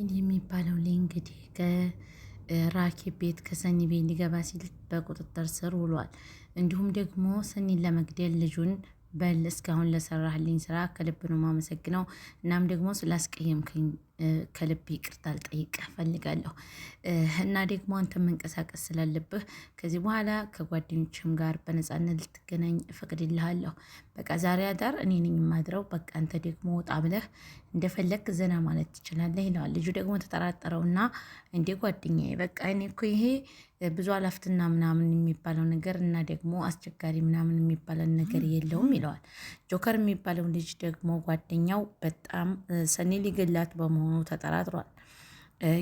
ይህ የሚባለው ላይ እንግዲህ ከራኪብ ቤት ከሰኒ ቤት ሊገባ ሲል በቁጥጥር ስር ውሏል። እንዲሁም ደግሞ ሰኒን ለመግደል ልጁን በል እስካሁን ለሰራህልኝ ስራ ከልብ ነው ማመሰግነው። እናም ደግሞ ስላስቀየምከኝ ከልብ ይቅርታ ልጠይቅ ፈልጋለሁ እና ደግሞ አንተ መንቀሳቀስ ስላለብህ ከዚህ በኋላ ከጓደኞችም ጋር በነፃነት ልትገናኝ ይልሃለሁ። በቃ ዛሬ አዳር እኔ ነኝ የማድረው። በቃ አንተ ደግሞ ወጣ ብለህ እንደፈለግ ዘና ማለት ትችላለህ ይለዋል። ልጁ ደግሞ ተጠራጠረውና እንዴ ጓደኛ፣ በቃ እኔ እኮ ይሄ ብዙ አላፍትና ምናምን የሚባለው ነገር እና ደግሞ አስቸጋሪ ምናምን የሚባለን ነገር የለውም ይለዋል። ጆከር የሚባለው ልጅ ደግሞ ጓደኛው በጣም ሰኒ ሊገላት በመሆኑ ተጠራጥሯል።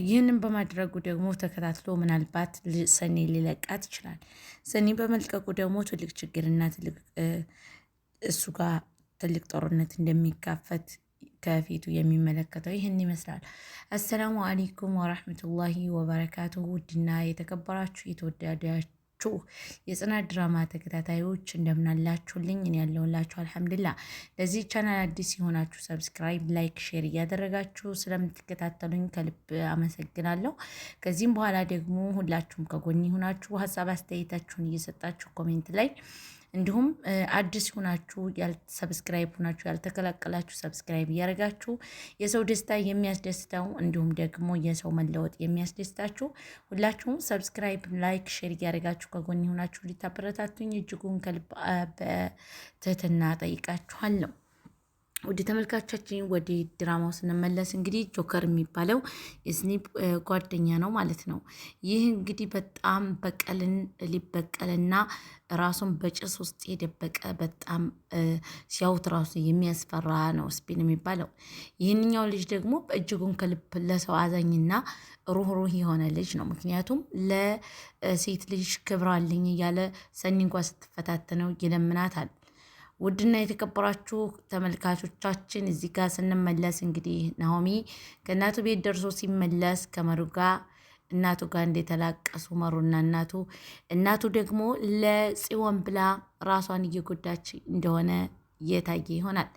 ይህንን በማድረጉ ደግሞ ተከታትሎ ምናልባት ሰኒ ሊለቃት ይችላል። ሰኒ በመልቀቁ ደግሞ ትልቅ ችግርና ትልቅ እሱ ጋር ትልቅ ጦርነት እንደሚጋፈት ከፊቱ የሚመለከተው ይህን ይመስላል። አሰላሙ አሌይኩም ወራህመቱላሂ ወበረካቱሁ ውድና የተከበራችሁ የተወዳዳችሁ ያላችሁ የጽናት ድራማ ተከታታዮች እንደምናላችሁልኝ እኔ ያለሁላችሁ አልሐምድላ። ለዚህ ቻናል አዲስ የሆናችሁ ሰብስክራይብ፣ ላይክ፣ ሼር እያደረጋችሁ ስለምትከታተሉኝ ከልብ አመሰግናለሁ። ከዚህም በኋላ ደግሞ ሁላችሁም ከጎኝ ሆናችሁ ሀሳብ አስተያየታችሁን እየሰጣችሁ ኮሜንት ላይ እንዲሁም አዲስ ሁናችሁ ሰብስክራይብ ሁናችሁ ያልተቀላቀላችሁ ሰብስክራይብ እያደረጋችሁ የሰው ደስታ የሚያስደስተው እንዲሁም ደግሞ የሰው መለወጥ የሚያስደስታችሁ ሁላችሁም ሰብስክራይብ፣ ላይክ፣ ሼር እያደረጋችሁ ከጎን ሆናችሁ ሊታበረታቱኝ እጅጉን ከልብ በትህትና ጠይቃችኋለሁ። ውድ ተመልካቻችን ወደ ድራማው ስንመለስ እንግዲህ ጆከር የሚባለው ስኒፕ ጓደኛ ነው ማለት ነው። ይህ እንግዲህ በጣም በቀልን ሊበቀልና ራሱን በጭስ ውስጥ የደበቀ በጣም ሲያውት ራሱ የሚያስፈራ ነው ስፒን የሚባለው። ይህንኛው ልጅ ደግሞ በእጅጉን ከልብ ለሰው አዛኝና ሩህሩህ የሆነ ልጅ ነው። ምክንያቱም ለሴት ልጅ ክብር አለኝ እያለ ሰኒ እንኳ ስትፈታተነው ይለምናታል። ውድና የተከበራችሁ ተመልካቾቻችን እዚህ ጋር ስንመለስ እንግዲህ ናሆሚ ከእናቱ ቤት ደርሶ ሲመለስ ከመሩ ጋር እናቱ ጋር እንደተላቀሱ መሩና እናቱ እናቱ ደግሞ ለጽዮን ብላ ራሷን እየጎዳች እንደሆነ እየታየ ይሆናል።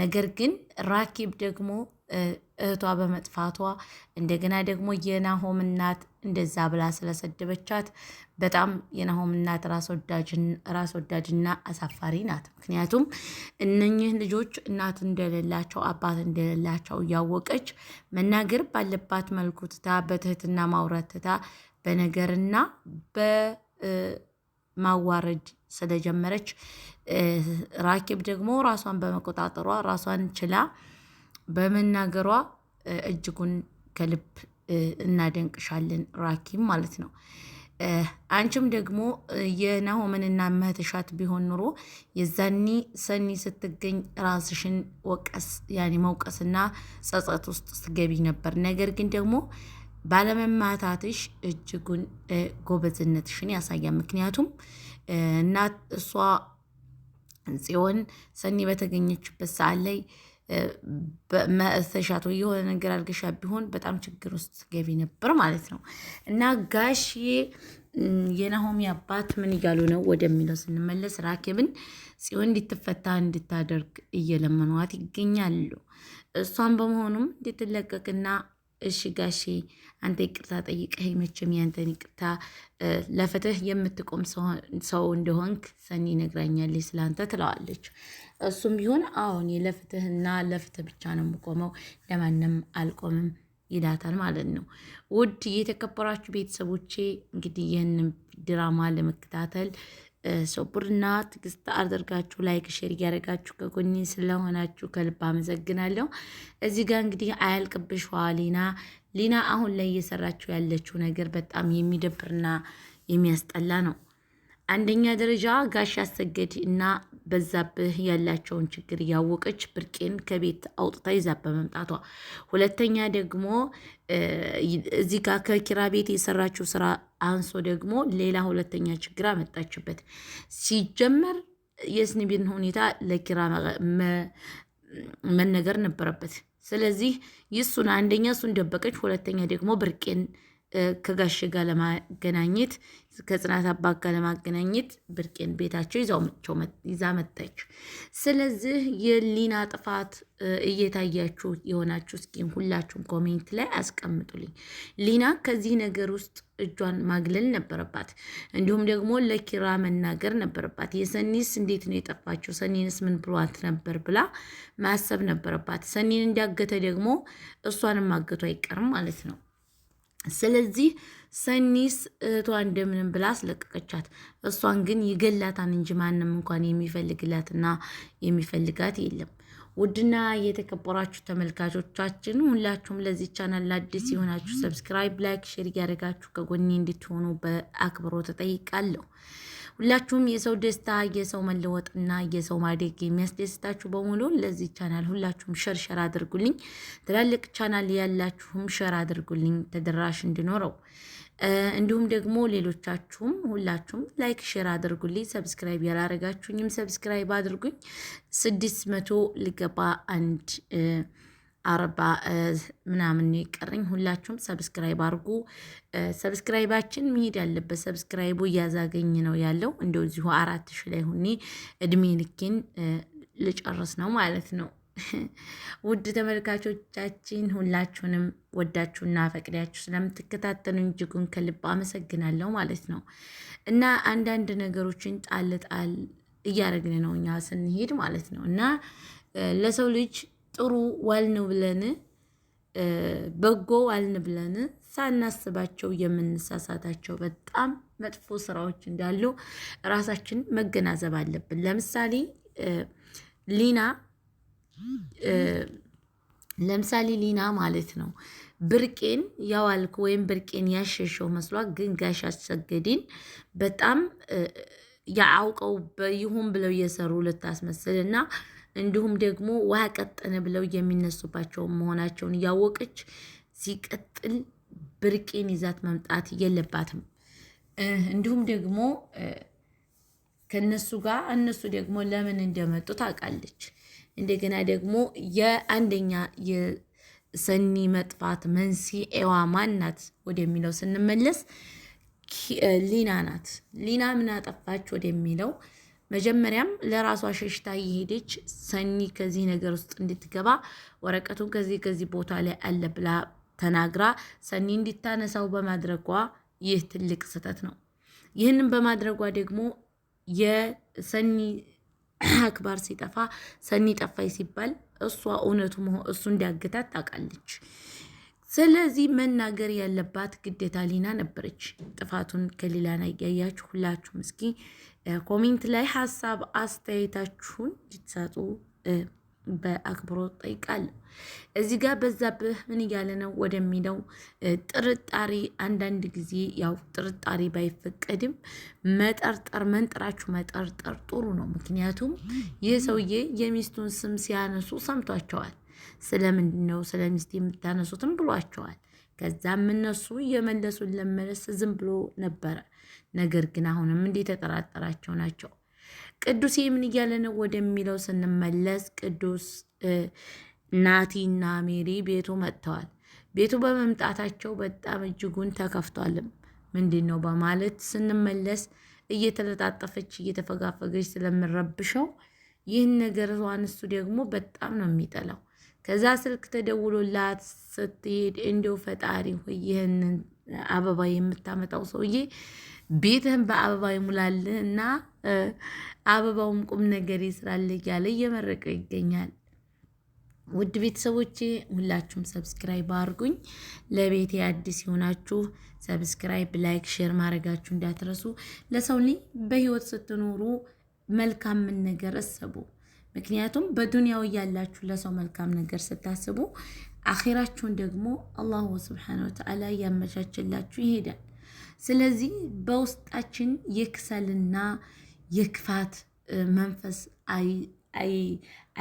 ነገር ግን ራኪብ ደግሞ እህቷ በመጥፋቷ እንደገና ደግሞ የናሆም እናት እንደዛ ብላ ስለሰደበቻት በጣም የናሆም እናት ራስ ወዳጅና አሳፋሪ ናት። ምክንያቱም እነህ ልጆች እናት እንደሌላቸው አባት እንደሌላቸው እያወቀች መናገር ባለባት መልኩ ትታ በትህትና ማውራት ትታ በነገርና በማዋረድ ስለጀመረች ራኬብ ደግሞ ራሷን በመቆጣጠሯ ራሷን ችላ በመናገሯ እጅጉን ከልብ እናደንቅሻለን ራኪም ማለት ነው። አንቺም ደግሞ የናሆምንና መህተሻት ቢሆን ኑሮ የዛኒ ሰኒ ስትገኝ ራስሽን ወቀስ ያኔ መውቀስና ጸጸት ውስጥ ስትገቢ ነበር። ነገር ግን ደግሞ ባለመማታትሽ እጅጉን ጎበዝነትሽን ያሳያል። ምክንያቱም እናት እሷ ጽዮን ሰኒ በተገኘችበት ሰዓት ላይ መተሻቶ የሆነ ነገር አልገሻ ቢሆን በጣም ችግር ውስጥ ገቢ ነበር ማለት ነው። እና ጋሽዬ የናሆሚ አባት ምን እያሉ ነው ወደሚለው ስንመለስ ራኬብን ጽዮን እንድትፈታ እንድታደርግ እየለመኗት ይገኛሉ። እሷን በመሆኑም እንድትለቀቅና እሺ ጋሼ አንተ ይቅርታ ጠይቀህ መቼም ያንተን ይቅርታ ለፍትህ የምትቆም ሰው እንደሆንክ ሰኒ ነግራኛለች ስለአንተ ትለዋለች። እሱም ቢሆን አሁን ለፍትህና ለፍትህ ብቻ ነው የምቆመው፣ ለማንም አልቆምም ይላታል ማለት ነው። ውድ የተከበራችሁ ቤተሰቦቼ እንግዲህ ይህንን ድራማ ለመከታተል ሰቡርና ትግስት አድርጋችሁ ላይክ ሼር እያደረጋችሁ ከጎኝ ስለሆናችሁ ከልብ አመሰግናለሁ። እዚህ ጋር እንግዲህ አያልቅብሽዋ ሊና ሊና አሁን ላይ እየሰራችሁ ያለችው ነገር በጣም የሚደብርና የሚያስጠላ ነው። አንደኛ ደረጃ ጋሽ አሰገድ እና በዛብህ ያላቸውን ችግር እያወቀች ብርቄን ከቤት አውጥታ ይዛ በመምጣቷ፣ ሁለተኛ ደግሞ እዚህ ጋር ከኪራ ቤት የሰራችው ስራ አንሶ ደግሞ ሌላ ሁለተኛ ችግር አመጣችበት። ሲጀመር የስኒቢን ሁኔታ ለኪራ መነገር ነበረበት። ስለዚህ ይሱን አንደኛ እሱን ደበቀች፣ ሁለተኛ ደግሞ ብርቄን ከጋሽ ጋር ለማገናኘት ከጽናት አባት ጋር ለማገናኘት ብርቄን ቤታቸው ይዛ መጣች። ስለዚህ የሊና ጥፋት እየታያችሁ የሆናችሁ እስኪን ሁላችሁም ኮሜንት ላይ አስቀምጡልኝ። ሊና ከዚህ ነገር ውስጥ እጇን ማግለል ነበረባት፣ እንዲሁም ደግሞ ለኪራ መናገር ነበረባት። የሰኒስ እንዴት ነው የጠፋቸው ሰኒንስ ምን ብሏት ነበር ብላ ማሰብ ነበረባት። ሰኒን እንዳገተ ደግሞ እሷንም ማገቱ አይቀርም ማለት ነው። ስለዚህ ሰኒስ እህቷ እንደምንም ብላ አስለቀቀቻት። እሷን ግን ይገላታን እንጂ ማንም እንኳን የሚፈልግላትና የሚፈልጋት የለም። ውድና የተከበራችሁ ተመልካቾቻችን ሁላችሁም ለዚህ ቻናል አዲስ የሆናችሁ ሰብስክራይብ፣ ላይክ፣ ሼር እያደረጋችሁ ከጎኔ እንድትሆኑ በአክብሮ ተጠይቃለሁ። ሁላችሁም የሰው ደስታ፣ የሰው መለወጥና የሰው ማደግ የሚያስደስታችሁ በሙሉ ለዚህ ቻናል ሁላችሁም ሸር ሸር አድርጉልኝ። ትላልቅ ቻናል ያላችሁም ሸር አድርጉልኝ ተደራሽ እንዲኖረው። እንዲሁም ደግሞ ሌሎቻችሁም ሁላችሁም ላይክ ሼር አድርጉልኝ። ሰብስክራይብ ያላረጋችሁኝም ሰብስክራይብ አድርጉኝ። ስድስት መቶ ልገባ አንድ አርባ ምናምን የቀረኝ። ሁላችሁም ሰብስክራይብ አድርጉ። ሰብስክራይባችን መሄድ ያለበት ሰብስክራይቡ እያዛገኝ ነው ያለው። እንደዚሁ አራት ሺ ላይ ሁኔ እድሜ ልኬን ልጨርስ ነው ማለት ነው። ውድ ተመልካቾቻችን ሁላችሁንም ወዳችሁና ፈቅዳችሁ ስለምትከታተሉ እጅጉን ከልብ አመሰግናለሁ ማለት ነው እና አንዳንድ ነገሮችን ጣል ጣል እያደረግን ነው እኛ ስንሄድ ማለት ነው እና ለሰው ልጅ ጥሩ ዋልን ብለን በጎ ዋልን ብለን ሳናስባቸው የምንሳሳታቸው በጣም መጥፎ ስራዎች እንዳሉ ራሳችን መገናዘብ አለብን። ለምሳሌ ሊና ለምሳሌ ሊና ማለት ነው ብርቄን ያዋልኩ ወይም ብርቄን ያሸሸው መስሏት፣ ግን ጋሽ አሰገዴን በጣም ያአውቀው ይሁን ብለው እየሰሩ ልታስመስል እና እንዲሁም ደግሞ ውሃ ቀጠነ ብለው የሚነሱባቸው መሆናቸውን እያወቀች ሲቀጥል ብርቄን ይዛት መምጣት የለባትም። እንዲሁም ደግሞ ከነሱ ጋር እነሱ ደግሞ ለምን እንደመጡ ታውቃለች። እንደገና ደግሞ የአንደኛ የሰኒ መጥፋት መንስኤዋ ማናት ወደሚለው ስንመለስ ሊና ናት። ሊና ምን አጠፋች ወደሚለው መጀመሪያም ለራሷ ሸሽታ እየሄደች ሰኒ ከዚህ ነገር ውስጥ እንድትገባ ወረቀቱን ከዚህ ከዚህ ቦታ ላይ አለ ብላ ተናግራ ሰኒ እንዲታነሳው በማድረጓ ይህ ትልቅ ስህተት ነው። ይህንን በማድረጓ ደግሞ የሰኒ አክባር ሲጠፋ ሰኒ ጠፋይ ሲባል እሷ እውነቱ እሱ እንዲያግታት ታውቃለች። ስለዚህ መናገር ያለባት ግዴታ ሊና ነበረች። ጥፋቱን ከሌላ ላይ ያያችሁ ሁላችሁም እስኪ ኮሜንት ላይ ሀሳብ አስተያየታችሁን እንድትሰጡ በአክብሮት ጠይቃለሁ። እዚህ ጋር በዛብህ ምን እያለ ነው ወደሚለው ጥርጣሬ፣ አንዳንድ ጊዜ ያው ጥርጣሬ ባይፈቀድም መጠርጠር፣ መንጥራችሁ መጠርጠር ጥሩ ነው። ምክንያቱም ይህ ሰውዬ የሚስቱን ስም ሲያነሱ ሰምቷቸዋል። ስለምንድን ነው ስለ ሚስት የምታነሱትም ብሏቸዋል። ከዛም እነሱ እየመለሱን ለመለስ ዝም ብሎ ነበረ። ነገር ግን አሁንም እንዴ የተጠራጠራቸው ናቸው። ቅዱስ ምን እያለ ነው ወደሚለው ስንመለስ ቅዱስ ናቲና ሜሪ ቤቱ መጥተዋል። ቤቱ በመምጣታቸው በጣም እጅጉን ተከፍቷልም። ምንድን ነው በማለት ስንመለስ እየተለጣጠፈች እየተፈጋፈገች ስለምረብሸው ይህን ነገር እሷን እሱ ደግሞ በጣም ነው የሚጠላው። ከዛ ስልክ ተደውሎላት ስትሄድ እንደው ፈጣሪ ሆይ ይህንን አበባ የምታመጣው ሰውዬ ቤትህን በአበባ ይሙላልህ እና አበባውም ቁም ነገር ይስራል እያለ እየመረቀ ይገኛል። ውድ ቤተሰቦቼ ሁላችሁም ሰብስክራይብ አድርጉኝ። ለቤቴ አዲስ የሆናችሁ ሰብስክራይብ፣ ላይክ፣ ሼር ማድረጋችሁ እንዳትረሱ። ለሰው ልጅ በህይወት ስትኖሩ መልካምን ነገር እሰቡ። ምክንያቱም በዱንያው እያላችሁ ለሰው መልካም ነገር ስታስቡ አኼራችሁን ደግሞ አላሁ ስብሓነ ወተዓላ እያመቻችላችሁ ይሄዳል። ስለዚህ በውስጣችን የክሰልና የክፋት መንፈስ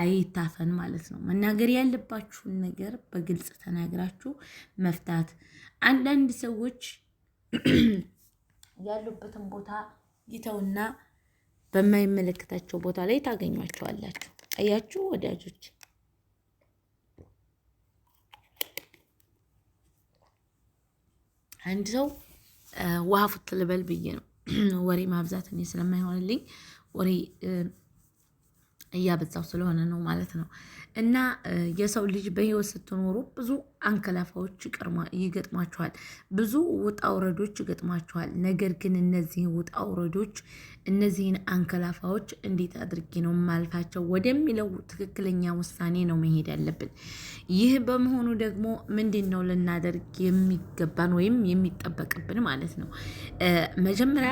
አይታፈን ማለት ነው። መናገር ያለባችሁን ነገር በግልጽ ተናግራችሁ መፍታት። አንዳንድ ሰዎች ያሉበትን ቦታ ይተውና በማይመለከታቸው ቦታ ላይ ታገኟቸዋላችሁ። አያችሁ ወዳጆች፣ አንድ ሰው ውሃ ፉት ልበል ብዬ ነው ወሬ ማብዛት እኔ ስለማይሆንልኝ ወሬ እያበዛው ስለሆነ ነው ማለት ነው። እና የሰው ልጅ በህይወት ስትኖሩ ብዙ አንከላፋዎች ይገጥማችኋል፣ ብዙ ውጣ ውረዶች ይገጥማችኋል። ነገር ግን እነዚህን ውጣ ውረዶች እነዚህን አንከላፋዎች እንዴት አድርጌ ነው ማልፋቸው ወደሚለው ትክክለኛ ውሳኔ ነው መሄድ ያለብን። ይህ በመሆኑ ደግሞ ምንድን ነው ልናደርግ የሚገባን ወይም የሚጠበቅብን ማለት ነው መጀመሪያ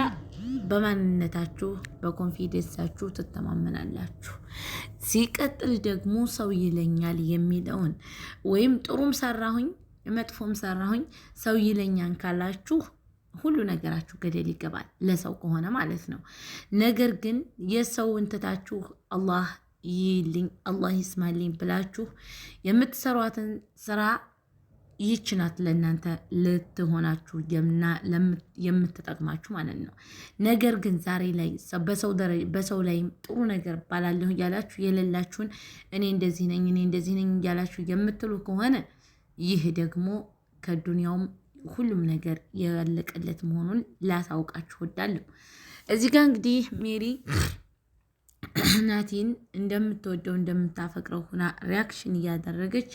በማንነታችሁ በኮንፊደንሳችሁ ትተማመናላችሁ። ሲቀጥል ደግሞ ሰው ይለኛል የሚለውን ወይም ጥሩም ሰራሁኝ መጥፎም ሰራሁኝ ሰው ይለኛን ካላችሁ ሁሉ ነገራችሁ ገደል ይገባል፣ ለሰው ከሆነ ማለት ነው። ነገር ግን የሰው እንትታችሁ አላህ ይልኝ አላህ ይስማልኝ ብላችሁ የምትሰሯትን ስራ ይህች ናት ለእናንተ ልትሆናችሁ የምትጠቅማችሁ ማለት ነው። ነገር ግን ዛሬ ላይ በሰው ላይም ጥሩ ነገር ባላለሁ እያላችሁ የሌላችሁን እኔ እንደዚህ ነኝ እኔ እንደዚህ ነኝ እያላችሁ የምትሉ ከሆነ ይህ ደግሞ ከዱንያውም ሁሉም ነገር ያለቀለት መሆኑን ላሳውቃችሁ ወዳለሁ። እዚህ ጋር እንግዲህ ሜሪ ናቲን እንደምትወደው እንደምታፈቅረው ሁና ሪያክሽን እያደረገች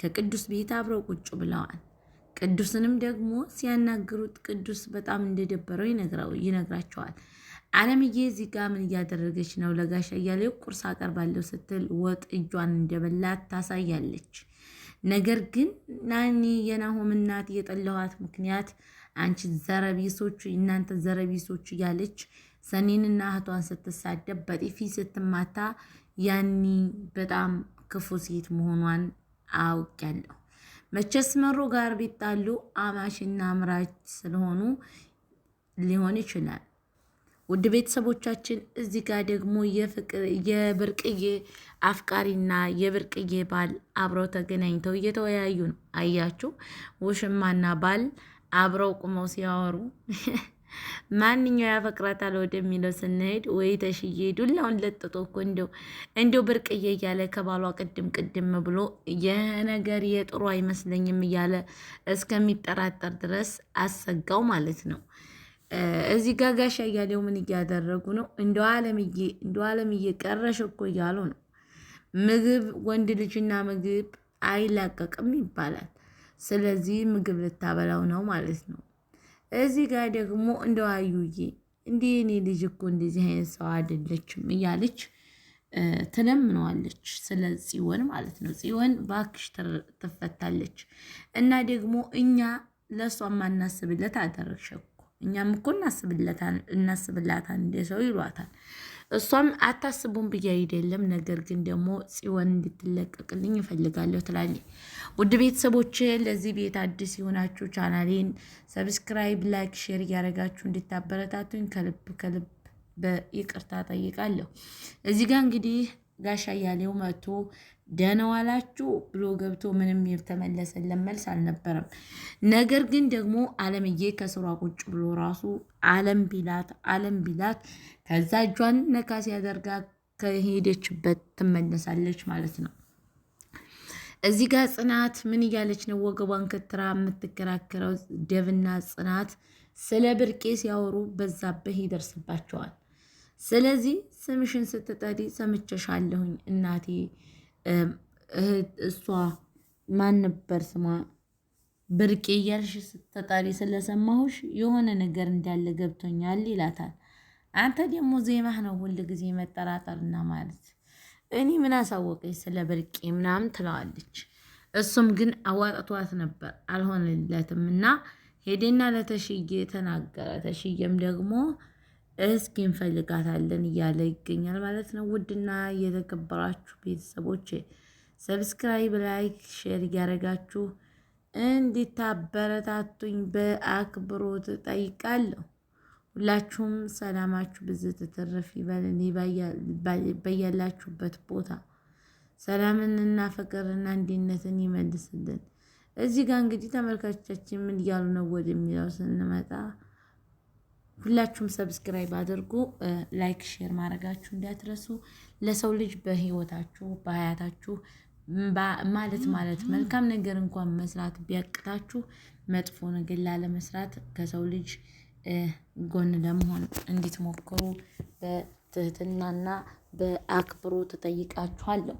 ከቅዱስ ቤት አብረው ቁጭ ብለዋል። ቅዱስንም ደግሞ ሲያናግሩት ቅዱስ በጣም እንደደበረው ይነግራቸዋል። አለምዬ እዚህ ጋ ምን እያደረገች ነው? ለጋሽ አያሌው ቁርስ አቀርባለሁ ስትል ወጥ እጇን እንደበላት ታሳያለች። ነገር ግን ናኒ የናሆም እናት የጠለኋት ምክንያት አንቺ ዘረቢሶች፣ እናንተ ዘረቢሶች እያለች ሰኔንና እህቷን ስትሳደብ በጢፊ ስትማታ ያኒ በጣም ክፉ ሴት መሆኗን አውቄያለሁ። መቼስ መሮ ጋር ቢጣሉ አማሽና አምራች ስለሆኑ ሊሆን ይችላል። ውድ ቤተሰቦቻችን እዚህ ጋር ደግሞ የብርቅዬ አፍቃሪና የብርቅዬ ባል አብረው ተገናኝተው እየተወያዩ ነው። አያችሁ፣ ውሽማና ባል አብረው ቁመው ሲያወሩ ማንኛው ያፈቅራታል ወደሚለው ስንሄድ ወይ ተሽዬ ዱላውን ለጥጦ እኮ እንደው እንደው ብርቅዬ እያለ ከባሏ ቅድም ቅድም ብሎ የነገር የጥሩ አይመስለኝም እያለ እስከሚጠራጠር ድረስ አሰጋው ማለት ነው። እዚህ ጋጋሻ እያሌው ምን እያደረጉ ነው? እንደ አለምዬ እንደው አለምዬ ቀረሽ እኮ እያሉ ነው። ምግብ ወንድ ልጅና ምግብ አይላቀቅም ይባላል። ስለዚህ ምግብ ልታበላው ነው ማለት ነው። እዚህ ጋር ደግሞ እንደው አዩዬ እንዴ እኔ ልጅ እኮ እንደዚህ አይነት ሰው አይደለችም እያለች ትለምነዋለች። ስለ ጽዮን ማለት ነው። ጽዮን ባክሽ ትፈታለች። እና ደግሞ እኛ ለእሷ ማናስብለት አደረግሽ እኮ እኛም እኮ እናስብላታል እንደ ሰው ይሏታል። እሷም አታስቡም ብዬ አይደለም፣ ነገር ግን ደግሞ ጽዮን እንድትለቀቅልኝ እፈልጋለሁ ትላለች። ውድ ቤተሰቦች ለዚህ ቤት አዲስ የሆናችሁ ቻናሌን ሰብስክራይብ፣ ላይክ፣ ሼር እያደረጋችሁ እንድታበረታቱኝ ከልብ ከልብ በይቅርታ ጠይቃለሁ። እዚህ ጋር እንግዲህ ጋሻ እያሌው መቶ ደህና ዋላችሁ ብሎ ገብቶ ምንም የተመለሰለን መልስ አልነበረም። ነገር ግን ደግሞ አለምዬ ከስሯ ቁጭ ብሎ ራሱ አለም ቢላት አለም ቢላት ከዛ እጇን ነካ ሲያደርጋ ከሄደችበት ትመለሳለች ማለት ነው። እዚህ ጋር ጽናት ምን እያለች ነው? ወገቧን ከትራ የምትከራከረው ደብና ጽናት ስለ ብርቄ ሲያወሩ በዛብህ ይደርስባቸዋል። ስለዚህ ስምሽን ስትጠሪ ሰምቸሻለሁኝ እናቴ እሷ ማን ነበር ስሟ ብርቄ እያልሽ ስትጠሪ ስለሰማሁሽ የሆነ ነገር እንዳለ ገብቶኛል ይላታል። አንተ ደግሞ ዜማህ ነው ሁል ጊዜ መጠራጠርና ማለት እኔ ምን አሳወቀኝ ስለ ብርቄ ምናምን ትለዋለች። እሱም ግን አዋጥቷት ነበር አልሆነለትም እና ሄደና ለተሽዬ ተናገረ። ተሽዬም ደግሞ እስኪ እንፈልጋታለን እያለ ይገኛል ማለት ነው። ውድና የተከበራችሁ ቤተሰቦች ሰብስክራይብ፣ ላይክ፣ ሼር እያደረጋችሁ እንዲታበረታቱኝ በአክብሮት ጠይቃለሁ። ሁላችሁም ሰላማችሁ ብዙ ትትርፍ ይበል። በያላችሁበት ቦታ ሰላምንና ፍቅርና አንድነትን ይመልስልን። እዚህ ጋር እንግዲህ ተመልካቾቻችን ምን እያሉ ነው ወደሚለው ስንመጣ ሁላችሁም ሰብስክራይብ አድርጉ። ላይክ ሼር ማድረጋችሁ እንዳትረሱ። ለሰው ልጅ በህይወታችሁ በሀያታችሁ ማለት ማለት መልካም ነገር እንኳን መስራት ቢያቅታችሁ መጥፎ ነገር ላለመስራት ከሰው ልጅ ጎን ለመሆን እንድትሞክሩ በትህትናና በአክብሮ ተጠይቃችኋለሁ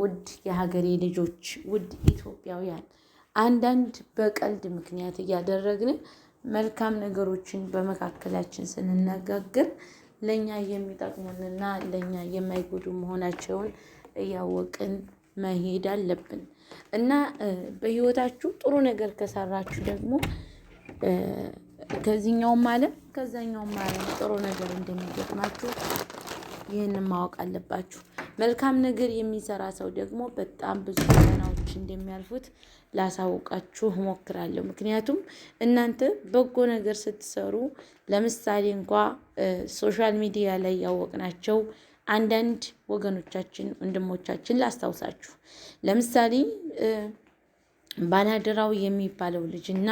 ውድ የሀገሬ ልጆች፣ ውድ ኢትዮጵያውያን አንዳንድ በቀልድ ምክንያት እያደረግን መልካም ነገሮችን በመካከላችን ስንነጋገር ለእኛ የሚጠቅሙንና ለእኛ የማይጎዱ መሆናቸውን እያወቅን መሄድ አለብን እና በህይወታችሁ ጥሩ ነገር ከሰራችሁ ደግሞ ከዚህኛውም ዓለም ከዛኛውም ዓለም ጥሩ ነገር እንደሚገጥማችሁ ይህንን ማወቅ አለባችሁ። መልካም ነገር የሚሰራ ሰው ደግሞ በጣም ብዙ ፈተናዎች እንደሚያልፉት ላሳውቃችሁ እሞክራለሁ። ምክንያቱም እናንተ በጎ ነገር ስትሰሩ ለምሳሌ እንኳ ሶሻል ሚዲያ ላይ ያወቅናቸው አንዳንድ ወገኖቻችን ወንድሞቻችን ላስታውሳችሁ። ለምሳሌ ባላደራው የሚባለው ልጅ እና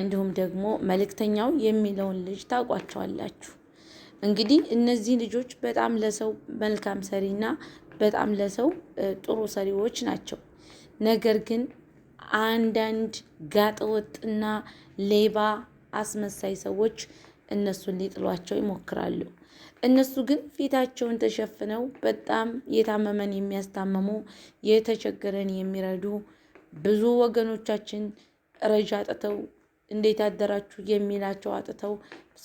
እንዲሁም ደግሞ መልእክተኛው የሚለውን ልጅ ታውቋቸዋላችሁ። እንግዲህ እነዚህ ልጆች በጣም ለሰው መልካም ሰሪ እና በጣም ለሰው ጥሩ ሰሪዎች ናቸው። ነገር ግን አንዳንድ ጋጠወጥና ሌባ አስመሳይ ሰዎች እነሱን ሊጥሏቸው ይሞክራሉ። እነሱ ግን ፊታቸውን ተሸፍነው በጣም የታመመን የሚያስታመሙ የተቸገረን የሚረዱ ብዙ ወገኖቻችን ረጃ አጥተው እንዴት አደራችሁ የሚላቸው አጥተው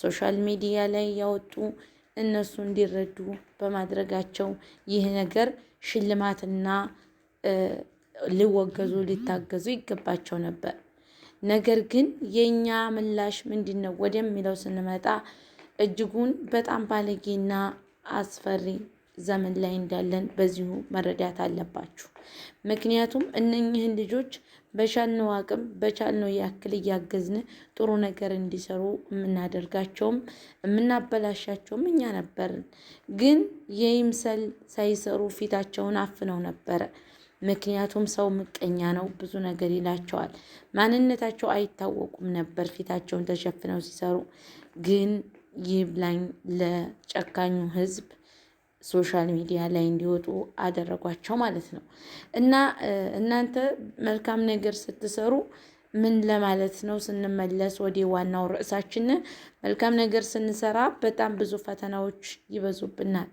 ሶሻል ሚዲያ ላይ ያወጡ እነሱ እንዲረዱ በማድረጋቸው ይህ ነገር ሽልማትና ሊወገዙ ሊታገዙ ይገባቸው ነበር። ነገር ግን የእኛ ምላሽ ምንድን ነው ወደሚለው ስንመጣ እጅጉን በጣም ባለጌና አስፈሪ ዘመን ላይ እንዳለን በዚሁ መረዳት አለባችሁ። ምክንያቱም እነኚህን ልጆች በቻልነው አቅም በቻልነው ያክል እያገዝን ጥሩ ነገር እንዲሰሩ የምናደርጋቸውም የምናበላሻቸውም እኛ ነበርን። ግን የይምሰል ሳይሰሩ ፊታቸውን አፍነው ነበረ። ምክንያቱም ሰው ምቀኛ ነው፣ ብዙ ነገር ይላቸዋል። ማንነታቸው አይታወቁም ነበር ፊታቸውን ተሸፍነው ሲሰሩ። ግን ይብላኝ ለጨካኙ ሕዝብ ሶሻል ሚዲያ ላይ እንዲወጡ አደረጓቸው ማለት ነው። እና እናንተ መልካም ነገር ስትሰሩ ምን ለማለት ነው? ስንመለስ ወደ ዋናው ርዕሳችን መልካም ነገር ስንሰራ በጣም ብዙ ፈተናዎች ይበዙብናል።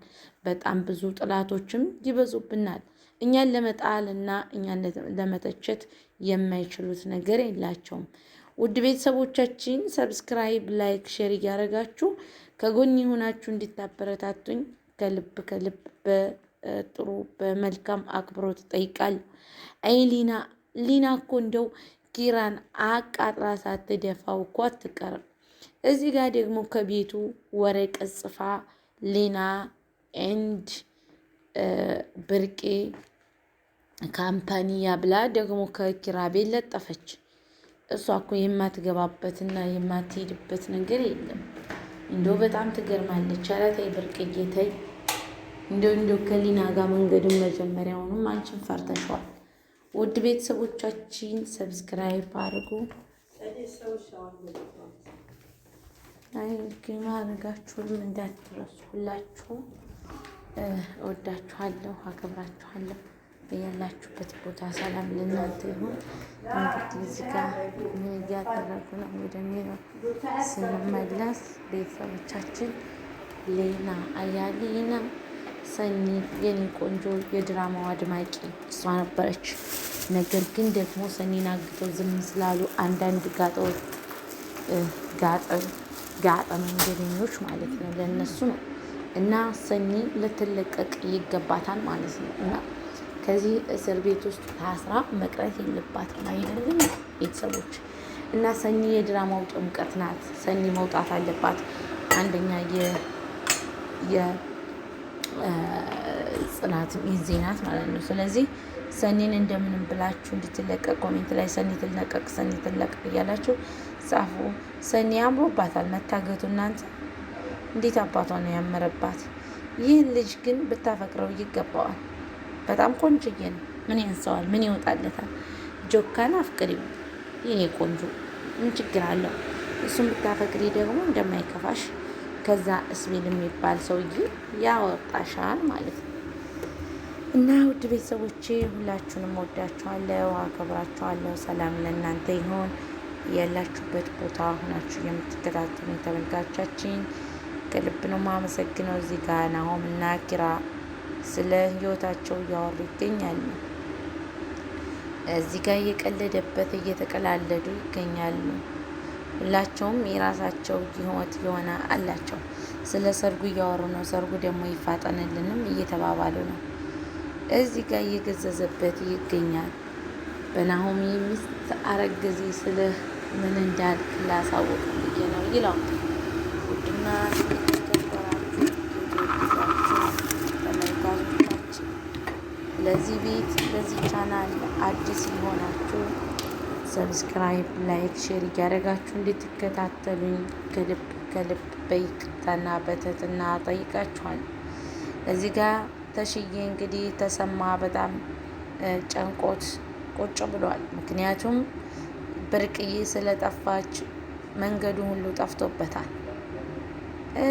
በጣም ብዙ ጥላቶችም ይበዙብናል። እኛን ለመጣል እና እኛን ለመተቸት የማይችሉት ነገር የላቸውም። ውድ ቤተሰቦቻችን ሰብስክራይብ፣ ላይክ፣ ሼር እያደረጋችሁ ከጎን የሆናችሁ እንድታበረታቱኝ ከልብ ከልብ በጥሩ በመልካም አክብሮት ጠይቃል። አይ ሊና ሊና እኮ እንደው ኪራን አቃጥራ ሳትደፋው እኮ አትቀርም። እዚህ ጋር ደግሞ ከቤቱ ወረቀት ጽፋ ሊና ኤንድ ብርቄ ካምፓኒያ ብላ ደግሞ ከኪራ ቤት ለጠፈች። እሷ እኮ የማትገባበትና የማትሄድበት ነገር የለም። እንደው በጣም ትገርማለች አላት። አይ ብርቅዬ ተይ እንደው እንደው ከሊና ጋር መንገዱን መጀመሪያውንም አንቺን ፈርተሸዋል። ውድ ቤተሰቦቻችን ሰብስክራይብ አድርጉ። አይ ግን አድርጋችሁም እንዳትረሱ። ሁላችሁም እወዳችኋለሁ፣ አከብራችኋለሁ። በያላችሁበት ቦታ ሰላም ለእናንተ ይሁን። እንግዲህ እዚህ ጋር ምን እያደረጉ ነው ወደሚለው ስንመለስ ቤተሰቦቻችን ሌና አያሌና ሰኒ የኔ ቆንጆ የድራማው አድማቂ እሷ ነበረች። ነገር ግን ደግሞ ሰኒን አግተው ዝም ስላሉ አንዳንድ ጋጠወጥ ጋጠ መንገደኞች ማለት ነው ለእነሱ ነው እና ሰኒ ልትለቀቅ ይገባታል ማለት ነው እና ከዚህ እስር ቤት ውስጥ ታስራ መቅረት የለባትም። አይደለም ቤተሰቦች እና ሰኒ የድራማው ጥምቀት ናት። ሰኒ መውጣት አለባት። አንደኛ የጽናት ሚዜ ናት ማለት ነው። ስለዚህ ሰኒን እንደምንም ብላችሁ እንድትለቀቅ ኮሜንት ላይ ሰኒ ትለቀቅ፣ ሰኒ ትለቀቅ እያላችሁ ጻፉ። ሰኒ አምሮባታል መታገቱ። እናንተ እንዴት አባቷ ነው ያመረባት! ይህን ልጅ ግን ብታፈቅረው ይገባዋል። በጣም ቆንጆዬ ነው። ምን ያንሰዋል? ምን ይወጣለታል? ጆካን አፍቅሪ የኔ ቆንጆ፣ ምን ችግር አለው? እሱን ብታፈቅሪ ደግሞ እንደማይከፋሽ ከዛ እስቢል የሚባል ሰውዬ ያወጣሻል ማለት ነው። እና ውድ ቤተሰቦቼ ሁላችሁንም ወዳችኋለሁ፣ አከብራችኋለሁ። ሰላም ለእናንተ ይሆን ያላችሁበት ቦታ ሁናችሁ የምትከታተሉ ተመልካቻችን ከልብ ነው ማመሰግነው። እዚህ ጋ ናሆም እና ኪራ ስለ ህይወታቸው እያወሩ ይገኛሉ። እዚህ ጋር እየቀለደበት እየተቀላለዱ ይገኛሉ። ሁላቸውም የራሳቸው ህይወት የሆነ አላቸው። ስለ ሰርጉ እያወሩ ነው። ሰርጉ ደግሞ ይፋጠንልንም እየተባባሉ ነው። እዚህ ጋር እየገዘዘበት ይገኛል። በናሆሚ ሚስት አረገዜ ስልህ ምን እንዳልክ ላሳወቅ ብዬ ነው ይለው ውድና ለዚህ ቤት ለዚህ ቻናል አዲስ የሆናችሁ ሰብስክራይብ፣ ላይክ፣ ሼር እያደረጋችሁ እንድትከታተሉኝ ከልብ ከልብ በይቅርታና በትህትና ጠይቃችኋል። እዚህ ጋር ተሽዬ እንግዲህ ተሰማ በጣም ጨንቆት ቁጭ ብሏል። ምክንያቱም ብርቅዬ ስለጠፋች መንገዱ ሁሉ ጠፍቶበታል።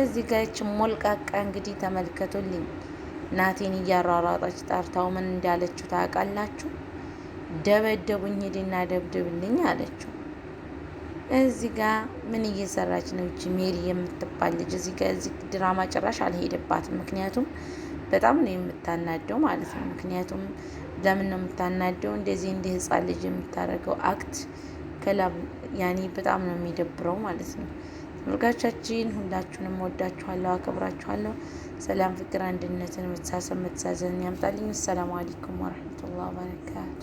እዚህ ጋ ይች ሞልቃቃ እንግዲህ ተመልከቱልኝ። ናቴን እያሯሯጠች ጠርታው ምን እንዳለችው ታውቃላችሁ? ደበደቡኝ፣ ሂድና ደብድብልኝ አለችው። እዚህ ጋ ምን እየሰራች ነው እጅ ሜሪ የምትባል ልጅ? እዚህ ጋ እዚህ ድራማ ጭራሽ አልሄደባትም። ምክንያቱም በጣም ነው የምታናደው ማለት ነው። ምክንያቱም ለምን ነው የምታናደው? እንደዚህ እንደ ህፃን ልጅ የምታደርገው አክት ከላብ ያኔ በጣም ነው የሚደብረው ማለት ነው። ተመልካቻችን ሁላችሁንም ወዳችኋለሁ፣ አከብራችኋለሁ። ሰላም፣ ፍቅር፣ አንድነትን፣ መተሳሰብ፣ መተዛዘንን ያምጣልኝ። አሰላሙ አለይኩም ወረሕመቱላህ ወበረካቱ።